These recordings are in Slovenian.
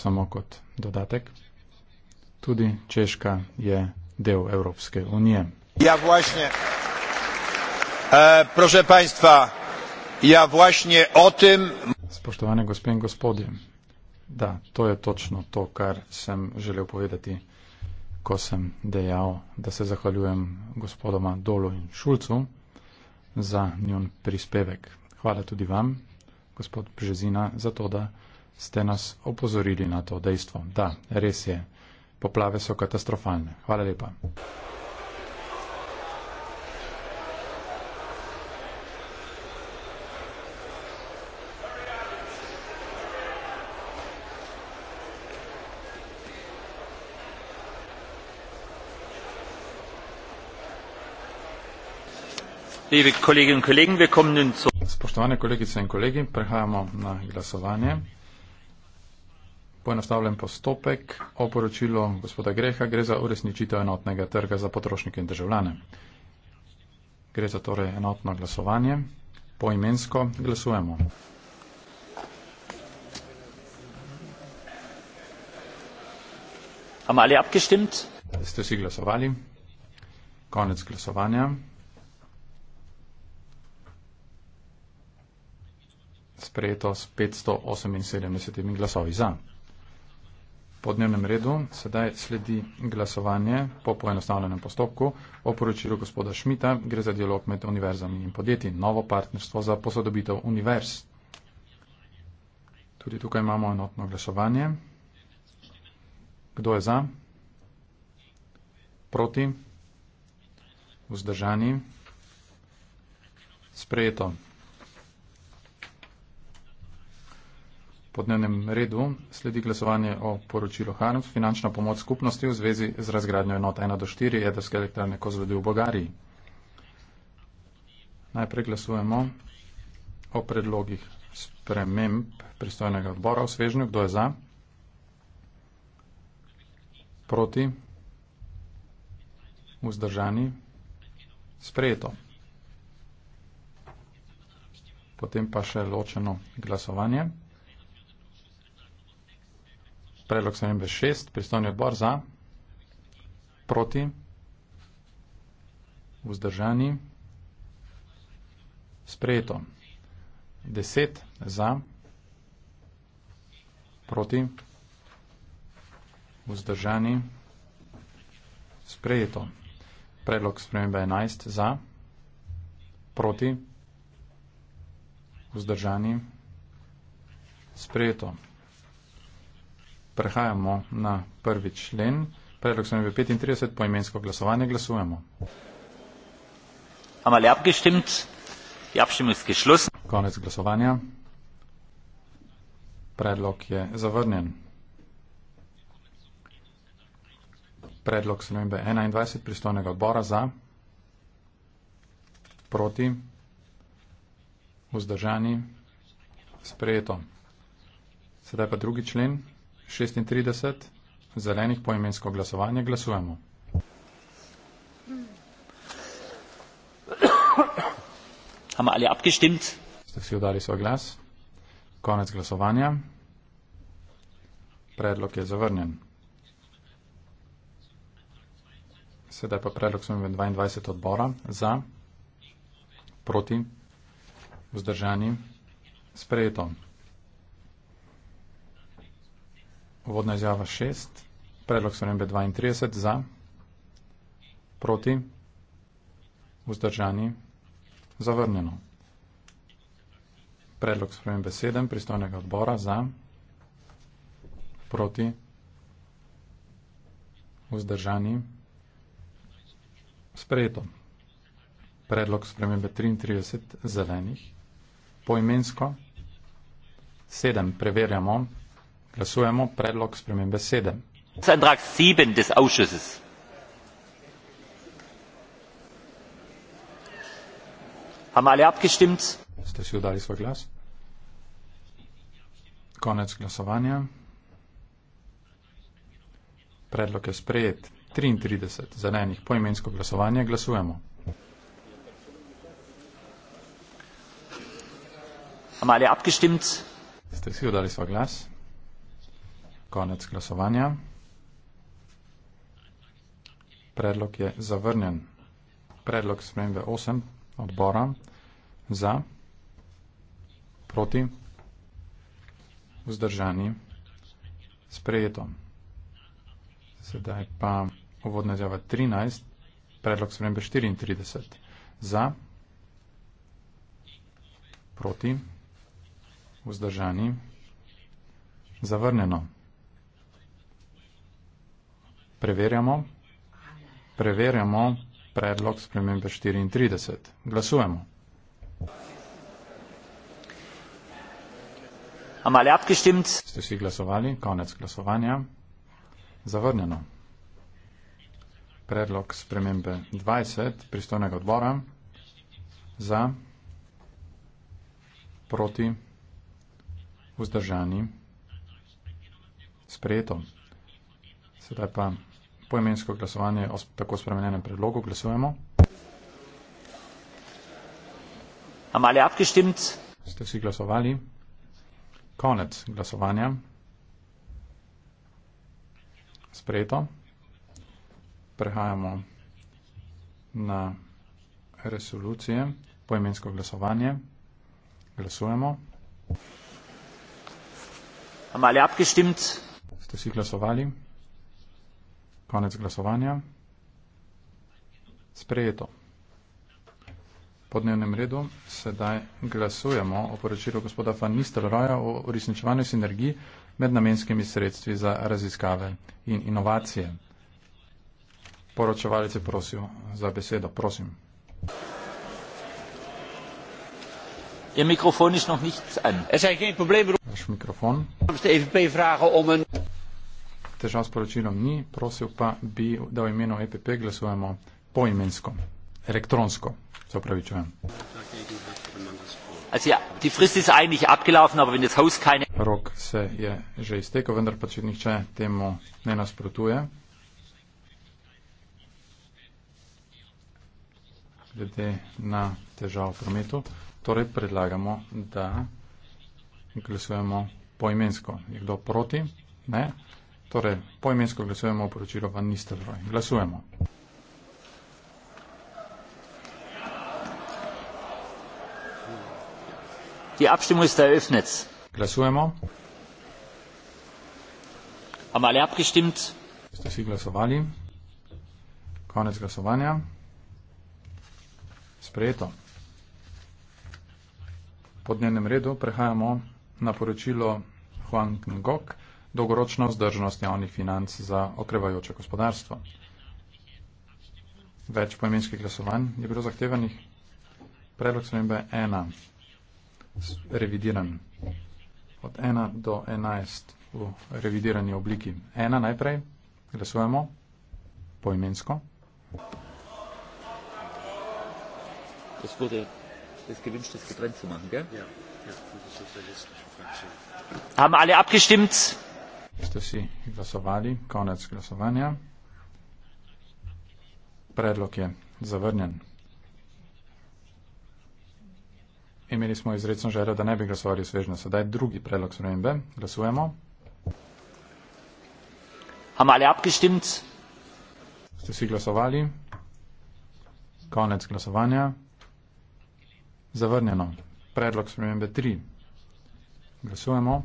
samo kot dodatek. Tudi Češka je del Evropske unije. Ja, vlastne, e, prosim, Państwa, ja, vlastne o tem. Spoštovane gospe in gospodje, da, to je točno to, kar sem želel povedati, ko sem dejal, da se zahvaljujem gospodoma Dolu in Šulcu za njun prispevek. Hvala tudi vam, gospod Brzezina, za to, da ste nas opozorili na to dejstvo. Da, res je. Poplave so katastrofalne. Hvala lepa. Spoštovane kolegice in kolegi, prehajamo na glasovanje poenostavljen postopek o poročilu gospoda Greha gre za uresničitev enotnega trga za potrošnike in državljane. Gre za torej enotno glasovanje. Poimensko glasujemo. Ste vsi glasovali? Konec glasovanja. Sprejeto s 578 glasovi za po dnevnem redu. Sedaj sledi glasovanje po poenostavljenem postopku o poročilu gospoda Šmita. Gre za dialog med univerzami in podjetji. Novo partnerstvo za posodobitev univerz. Tudi tukaj imamo enotno glasovanje. Kdo je za? Proti? Vzdržani? Sprejeto. po dnevnem redu sledi glasovanje o poročilu Harms, finančna pomoč skupnosti v zvezi z razgradnjo enot 1 do 4 jedrske elektrarne Kozvedi v Bolgariji. Najprej glasujemo o predlogih sprememb pristojnega odbora v svežnju. Kdo je za? Proti? Vzdržani? Sprejeto. Potem pa še ločeno glasovanje. Predlog se imenuje šest, pristojni odbor za, proti, vzdržani, sprejeto. Deset za, proti, vzdržani, sprejeto. Predlog spremembe je enajst za, proti, vzdržani, sprejeto. Prehajamo na prvi člen. Predlog se mi v 35 po imensko glasovanje glasujemo. Amal je abgestimt, je abstimljski šlus. Konec glasovanja. Predlog je zavrnjen. Predlog se mi v 21 pristojnega odbora za, proti, vzdržani, sprejeto. Sedaj pa drugi člen. 36, zelenih poimensko glasovanje, glasujemo. Ste vsi oddali svoj glas? Konec glasovanja. Predlog je zavrnjen. Sedaj pa predlog smo imeli 22 odbora za, proti, vzdržani, sprejeto. Vodna izjava 6, predlog spremembe 32 za, proti, vzdržani, zavrnjeno. Predlog spremembe 7 pristojnega odbora za, proti, vzdržani, sprejeto. Predlog spremembe 33 zelenih, poimensko, 7 preverjamo, 7. Glasujemo predlog spremembe 7. Ste si oddali svoj glas? Konec glasovanja. Predlog je sprejet. 33 zelenih poimensko glasovanje. Glasujemo. Ste si oddali svoj glas? Konec glasovanja. Predlog je zavrnjen. Predlog spremembe 8 odbora za, proti, vzdržani, sprejeto. Sedaj pa uvodna izjava 13, predlog spremembe 34 za, proti, vzdržani, zavrnjeno. Preverjamo. Preverjamo predlog spremembe 34. Glasujemo. Ste vsi glasovali? Konec glasovanja. Zavrnjeno. Predlog spremembe 20 pristojnega odbora za proti vzdržani sprejeto. Sedaj pa poimensko glasovanje o tako spremenjenem predlogu. Glasujemo. Ste vsi glasovali? Konec glasovanja. Sprejeto. Prehajamo na resolucije. Poimensko glasovanje. Glasujemo. Haben alle abgestimmt? Ist das hier klar so Konec glasovanja. Sprejeto. Po dnevnem redu sedaj glasujemo o poročilu gospoda Van Nistelroja o uresničevanju sinergij med namenskimi sredstvi za raziskave in inovacije. Poročevalec je prosil za besedo. Prosim. Je mikrofon, je še nekaj. Vaš mikrofon. Vaš e mikrofon. Um težav s poročilom ni, prosil pa bi, da v imenu EPP glasujemo poimensko, elektronsko. Se upravičujem. Also ja, die Frist ist eigentlich abgelaufen, aber wenn das Haus keine. Rok se je že iztekel, vendar pa če nihče temu ne nasprotuje. Glede na težavo v prometu, torej predlagamo, da glasujemo poimensko. Je kdo proti? Ne. Torej, poimensko glasujemo o poročilu Van Nistelrooy. Glasujemo. Die Abstimmung ist eröffnet. Glasujemo. Haben alle abgestimmt? Ste vsi glasovali? Konec glasovanja. Sprejeto. Po dnevnem redu prehajamo na poročilo Huang Ngok dolgoročno vzdržnost javnih financ za okrevajoče gospodarstvo. Več poimenskih glasovanj je bilo zahtevanih. Predlog spremembe 1 revidiran od 1 do 11 v revidirani obliki. 1 najprej glasujemo poimensko. Gospodje, jaz ki vidim, da ste s Frencem, ne? Ja, ja, da ste ja se že s Frencem. Ampak ali je abgestimt? ste si glasovali. Konec glasovanja. Predlog je zavrnjen. Imeli smo izredno željo, da ne bi glasovali svežno. Sedaj drugi predlog spremembe. Glasujemo. Ste si glasovali? Konec glasovanja. Zavrnjeno. Predlog spremembe 3. Glasujemo.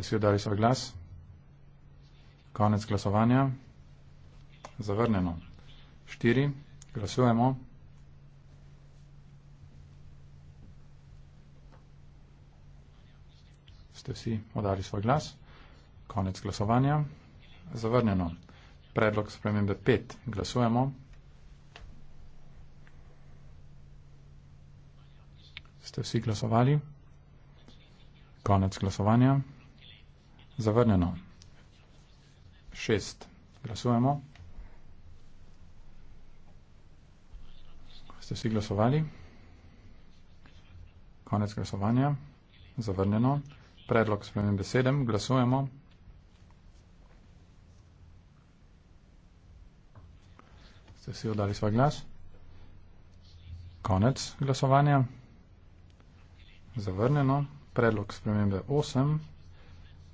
ste si oddali svoj glas? Konec glasovanja. Zavrnjeno. Štiri. Glasujemo. Ste vsi oddali svoj glas? Konec glasovanja. Zavrnjeno. Predlog spremembe 5. Glasujemo. Ste vsi glasovali? Konec glasovanja. Zavrnjeno. Šest. Glasujemo. Ste vsi glasovali? Konec glasovanja. Zavrnjeno. Predlog spremembe sedem. Glasujemo. Ste vsi oddali svoj glas? Konec glasovanja. Zavrnjeno. Predlog spremembe osem.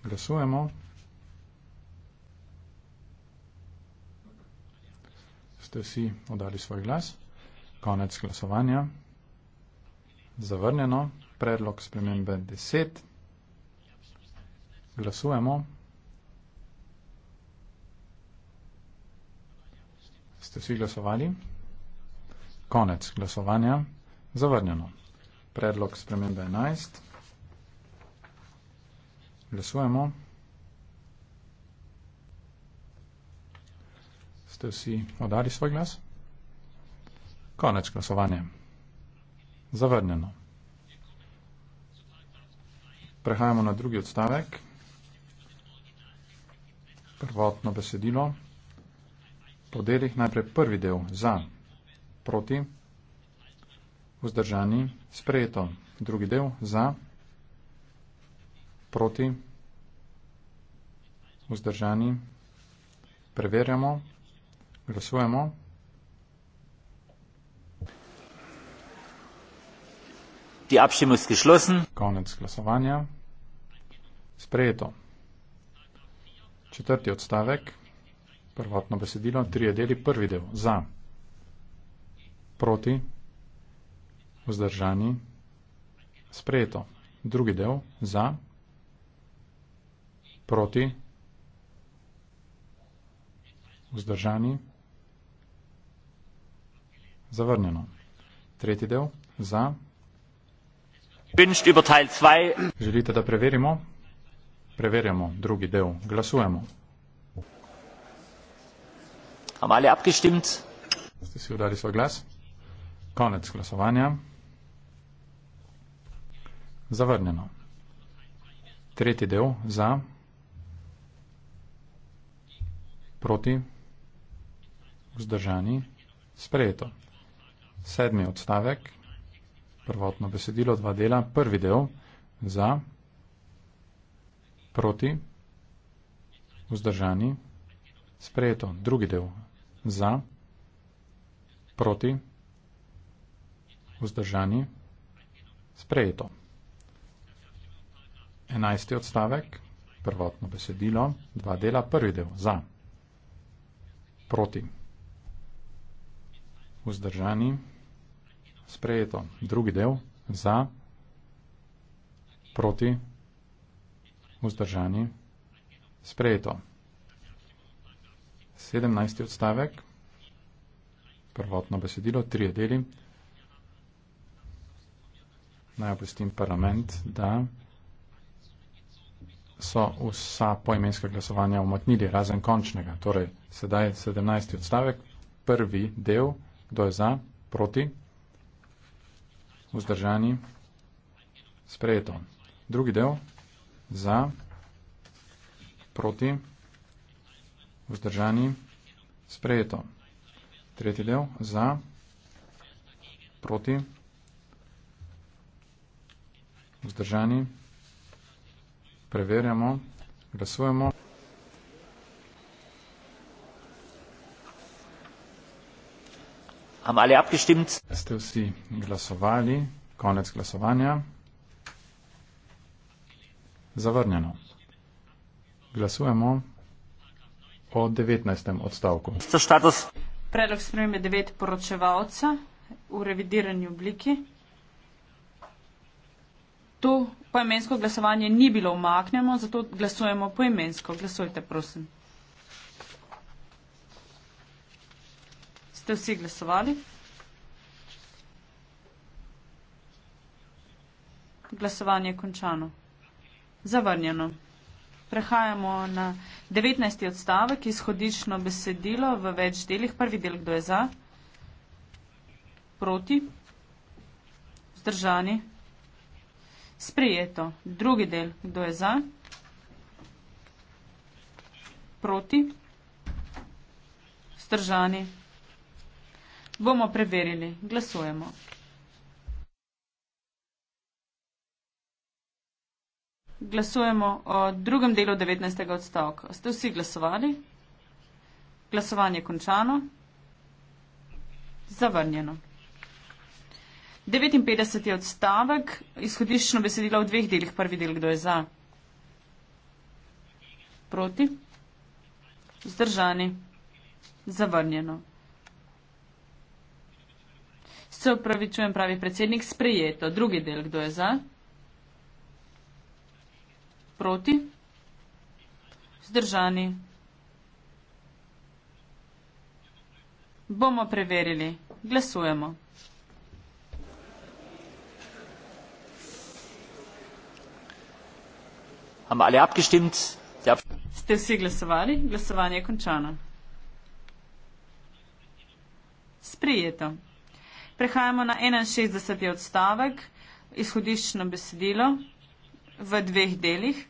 Glasujemo. Ste vsi oddali svoj glas? Konec glasovanja. Zavrnjeno. Predlog spremembe 10. Glasujemo. Ste vsi glasovali? Konec glasovanja. Zavrnjeno. Predlog spremembe 11. Glasujemo. Ste vsi oddali svoj glas? Konec glasovanja. Zavrnjeno. Prehajamo na drugi odstavek. Prvotno besedilo. Po delih najprej prvi del za, proti, vzdržani, sprejeto. Drugi del za, proti proti, vzdržani, preverjamo, glasujemo. Die Abstimmung ist geschlossen. Konec glasovanja. Sprejeto. Četrti odstavek. Prvotno besedilo. Trije deli. Prvi del. Za. Proti. Vzdržani. Sprejeto. Drugi del. Za proti, vzdržani, zavrnjeno. Tretji del, za. Želite, da preverimo? Preverjamo drugi del. Glasujemo. Ste si vdali svoj glas? Konec glasovanja. Zavrnjeno. Tretji del za proti, vzdržani, sprejeto. Sedmi odstavek, prvotno besedilo, dva dela, prvi del, za, proti, vzdržani, sprejeto. Drugi del, za, proti, vzdržani, sprejeto. Enajsti odstavek, prvotno besedilo, dva dela, prvi del, za, proti, vzdržani, sprejeto proti. Vzdržani, sprejeto. Drugi del, za, proti, vzdržani, sprejeto. 17. odstavek, prvotno besedilo, trije deli. Naj opustim parlament, da so vsa poimenska glasovanja umaknili, razen končnega. Torej, sedaj 17. odstavek, prvi del, kdo je za, proti, vzdržani, sprejeto. Drugi del, za, proti, vzdržani, sprejeto. Tretji del, za, proti, vzdržani, sprejeto. Preverjamo, glasujemo. Haben alle abgestimmt? Ste vsi glasovali? Konec glasovanja. Zavrnjeno. Glasujemo o 19. odstavku. Predlog spremembe 9 poročevalca v revidirani obliki. To poimensko glasovanje ni bilo umaknjeno, zato glasujemo poimensko. Glasujte, prosim. Ste vsi glasovali? Glasovanje je končano. Zavrnjeno. Prehajamo na 19. odstavek, izhodično besedilo v več delih. Prvi del, kdo je za? Proti? Zdržani? Zdržani? Sprejeto. Drugi del. Kdo je za? Proti? Stržani? Bomo preverili. Glasujemo. Glasujemo o drugem delu 19. odstavka. Ste vsi glasovali? Glasovanje končano. Zavrnjeno. 59. odstavek, izhodiščno besedilo v dveh delih, prvi del, kdo je za? Proti? Zdržani? Zavrnjeno? Se upravičujem, pravi predsednik, sprejeto. Drugi del, kdo je za? Proti? Zdržani? Bomo preverili. Glasujemo. haben alle abgestimmt. Ja. Ste vsi glasovali? Glasovanje je končano. Sprijeto. Prehajamo na 61. odstavek, izhodiščno besedilo v dveh delih.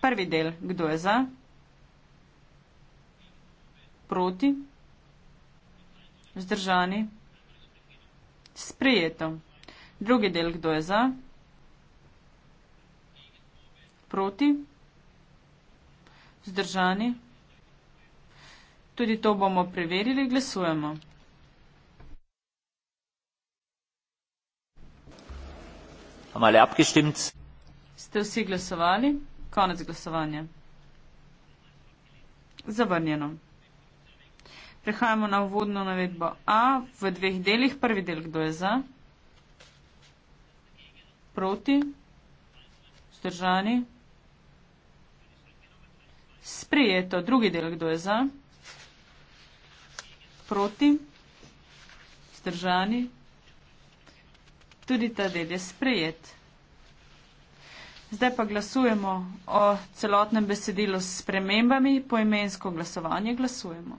Prvi del, kdo je za? Proti? Zdržani? Sprijeto. Drugi del, kdo je za? Proti? proti, vzdržani. Tudi to bomo preverili, glasujemo. Ste vsi glasovali? Konec glasovanja. Zavrnjeno. Prehajamo na uvodno navedbo A v dveh delih. Prvi del, kdo je za? Proti? Vzdržani? Sprejeto. Drugi del, kdo je za? Proti? Zdržani? Tudi ta del je sprejet. Zdaj pa glasujemo o celotnem besedilu s spremembami, poimensko glasovanje glasujemo.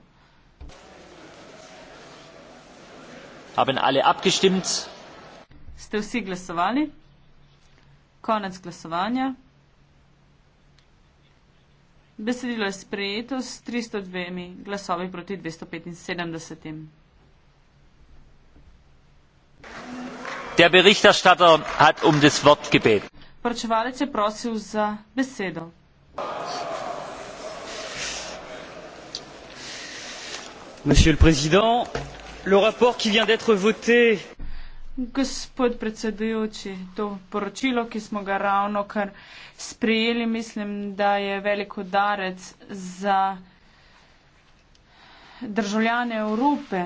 Ste vsi glasovali? Konec glasovanja. Besedilo je sprejeto s 302 glasovi proti 275. Der Berichterstatter hat um das Wort gebeten. Pročevalec je prosil za besedo. Monsieur le Président, le rapport qui vient d'être voté Gospod predsedujoči, to poročilo, ki smo ga ravno kar sprejeli, mislim, da je veliko darec za državljane Evrope.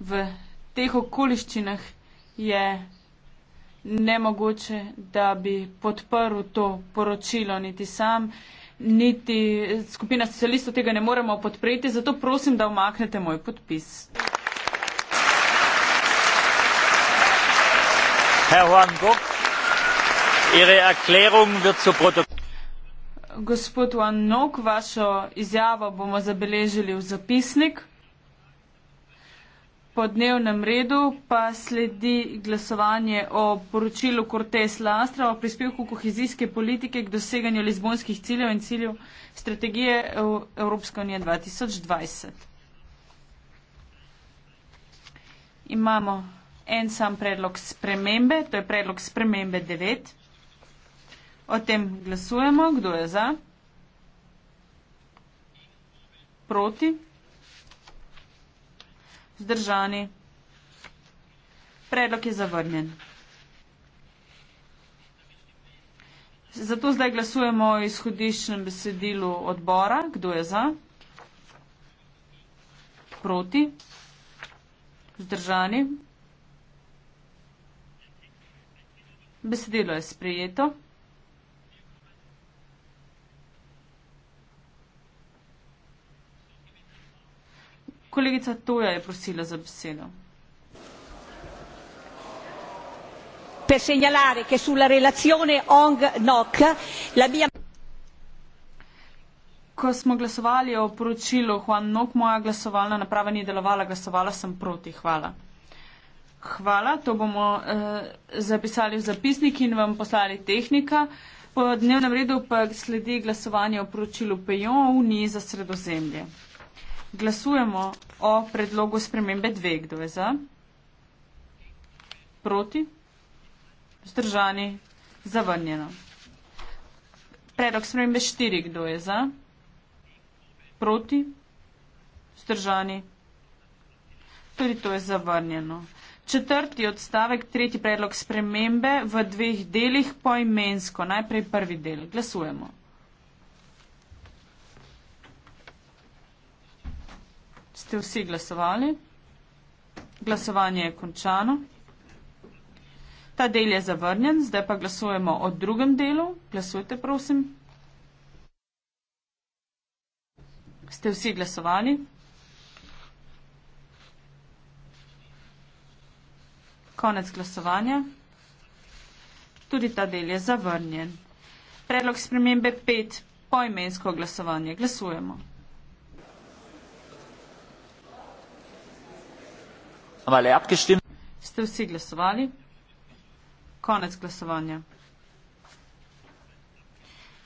V teh okoliščinah je nemogoče, da bi podprl to poročilo, niti sam, niti skupina socialistov tega ne moremo podpreti, zato prosim, da omaknete moj podpis. Gospod Van Nok, vašo izjavo bomo zabeležili v zapisnik po dnevnem redu pa sledi glasovanje o poročilu Cortez Lastra o prispevku kohezijske politike k doseganju lizbonskih ciljev in ciljev strategije Evropske unije 2020. Imamo en sam predlog spremembe, to je predlog spremembe 9. O tem glasujemo, kdo je za? Proti? Zdržani. Predlog je zavrnjen. Zato zdaj glasujemo o izhodiščnem besedilu odbora. Kdo je za? Proti? Zdržani? Besedilo je sprejeto. Kolegica Toja je prosila za besedo. Per segnalare che sulla relazione Ong-Nok la mia. Ko smo glasovali o poročilu Huan-Nok, moja glasovalna naprava ni delovala, glasovala sem proti. Hvala. Hvala, to bomo eh, zapisali v zapisnik in vam poslali tehnika. Po dnevnem redu pa sledi glasovanje o poročilu Pejon v Uniji za sredozemlje. Glasujemo o predlogu spremembe dve. Kdo je za? Proti? Zdržani? Zavrnjeno. Predlog spremembe štiri. Kdo je za? Proti? Zdržani? Tudi to je zavrnjeno. Četrti odstavek, tretji predlog spremembe v dveh delih poimensko. Najprej prvi del. Glasujemo. ste vsi glasovali. Glasovanje je končano. Ta del je zavrnjen, zdaj pa glasujemo o drugem delu. Glasujte, prosim. Ste vsi glasovali? Konec glasovanja. Tudi ta del je zavrnjen. Predlog spremembe 5. Poimensko glasovanje. Glasujemo. Ste vsi glasovali? Konec glasovanja.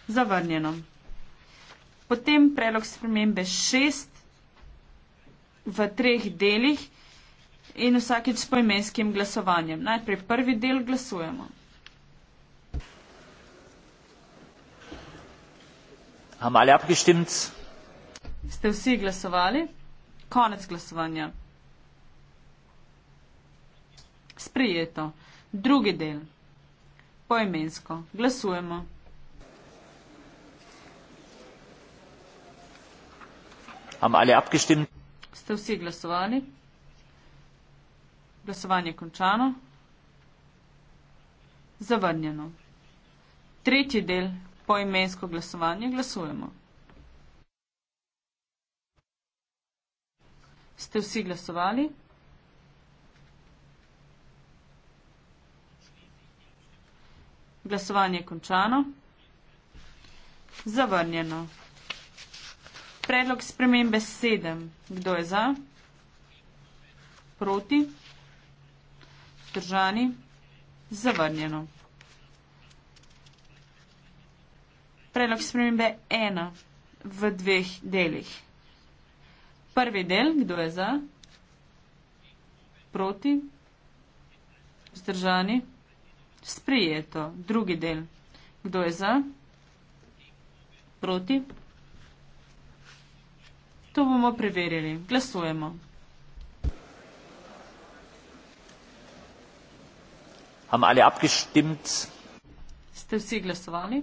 Zavrnjeno. Potem predlog spremembe šest v treh delih in vsakeč s poimenskim glasovanjem. Najprej prvi del glasujemo. Ste vsi glasovali? Konec glasovanja. Sprijeto. Drugi del. Poimensko. Glasujemo. Ste vsi glasovali? Glasovanje je končano. Zavrnjeno. Tretji del. Poimensko glasovanje. Glasujemo. Ste vsi glasovali? Glasovanje je končano. Zavrnjeno. Predlog spremembe 7. Kdo je za? Proti? Zdržani? Zavrnjeno. Predlog spremembe 1 v dveh delih. Prvi del, kdo je za? Proti? Zdržani? Zdržani? Sprijeto. Drugi del. Kdo je za? Proti? To bomo preverili. Glasujemo. Haben alle abgestimmt? Ste vsi glasovali?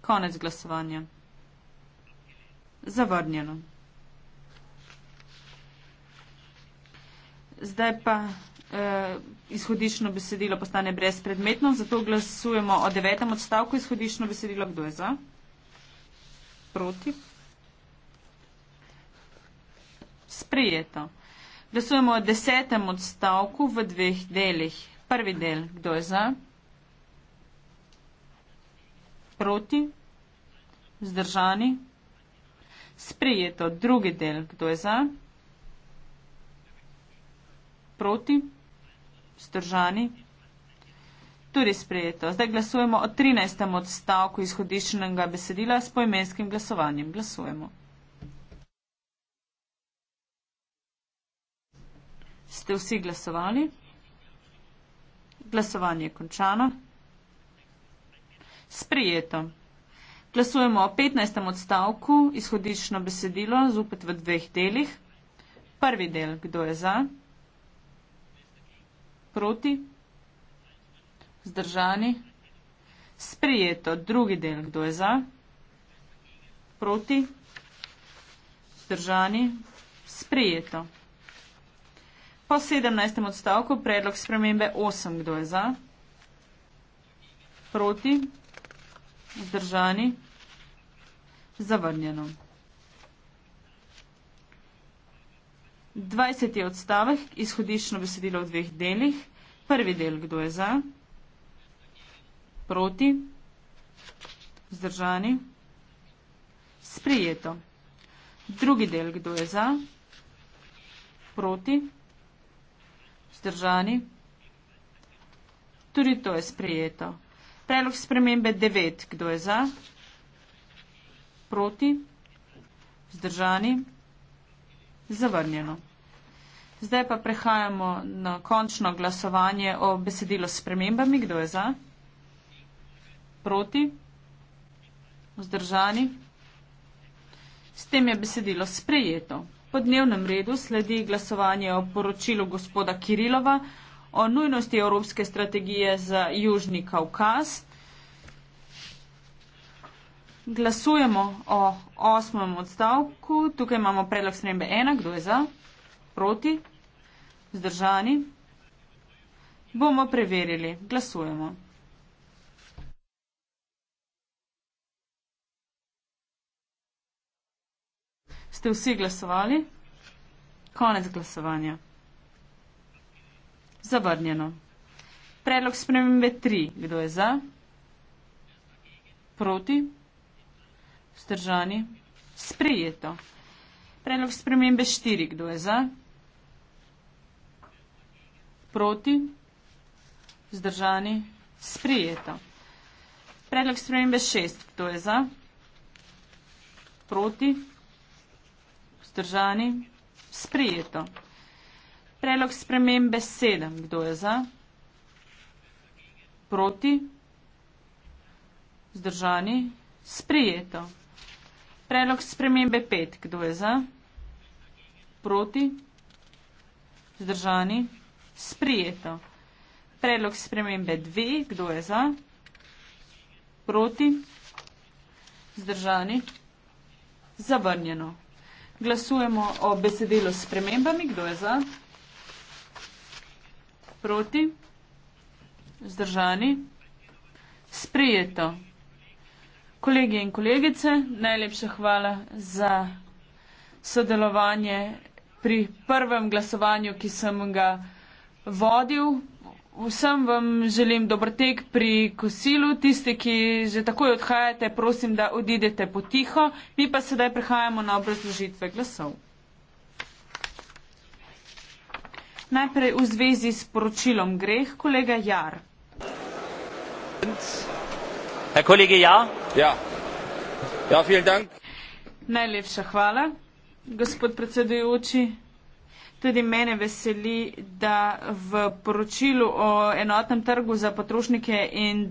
Konec glasovanja. Zavrnjeno. zdaj pa eh, izhodiščno besedilo postane brezpredmetno, zato glasujemo o devetem odstavku izhodiščno besedilo. Kdo je za? Proti? Sprijeto. Glasujemo o desetem odstavku v dveh delih. Prvi del, kdo je za? Proti? Zdržani? Sprijeto. Drugi del, kdo je za? Proti? proti, vzdržani. Tudi sprejeto. Zdaj glasujemo o 13. odstavku izhodiščnega besedila s poimenskim glasovanjem. Glasujemo. Ste vsi glasovali? Glasovanje je končano. Sprijeto. Glasujemo o 15. odstavku izhodiščno besedilo, zopet v dveh delih. Prvi del, kdo je za? proti, zdržani, sprijeto, drugi del, kdo je za, proti, zdržani, sprijeto. Po 17. odstavku predlog spremembe 8, kdo je za, proti, zdržani, zavrnjeno. 20. odstavek, izhodiščno besedilo v dveh delih. Prvi del, kdo je za, proti, zdržani, sprijeto. Drugi del, kdo je za, proti, zdržani, tudi to je sprijeto. Predlog spremembe 9, kdo je za, proti, zdržani, sprijeto zavrnjeno. Zdaj pa prehajamo na končno glasovanje o besedilo s premembami. Kdo je za? Proti? Vzdržani? S tem je besedilo sprejeto. Po dnevnem redu sledi glasovanje o poročilu gospoda Kirilova o nujnosti evropske strategije za Južni Kaukaz. Glasujemo o osmem odstavku. Tukaj imamo predlog spremembe ena. Kdo je za? Proti? Zdržani? Bomo preverili. Glasujemo. Ste vsi glasovali? Konec glasovanja. Zavrnjeno. Predlog spremembe tri. Kdo je za? Proti? Proti? Vzdržani? Sprejeto. Predlog spremembe štiri. Kdo je za? Proti? Vzdržani? Sprejeto. Predlog spremembe šest. Kdo je za? Proti? Vzdržani? Sprejeto. Predlog spremembe sedem. Kdo je za? Proti? Vzdržani? Sprejeto. Predlog spremembe 5. Kdo je za? Proti? Zdržani? Sprijeto. Predlog spremembe 2. Kdo je za? Proti? Zdržani? Zavrnjeno. Glasujemo o besedilu s premembami. Kdo je za? Proti? Zdržani? Sprijeto. Kolegi in kolegice, najlepša hvala za sodelovanje pri prvem glasovanju, ki sem ga vodil. Vsem vam želim dober tek pri kosilu. Tisti, ki že takoj odhajate, prosim, da odidete potiho. Mi pa sedaj prehajamo na obrazložitve glasov. Najprej v zvezi s poročilom greh, kolega Jar. Herr Kollege Jahr, Ja. Ja, dank. Najlepša hvala, gospod predsedujoči. Tudi mene veseli, da v poročilu o enotnem trgu za potrošnike in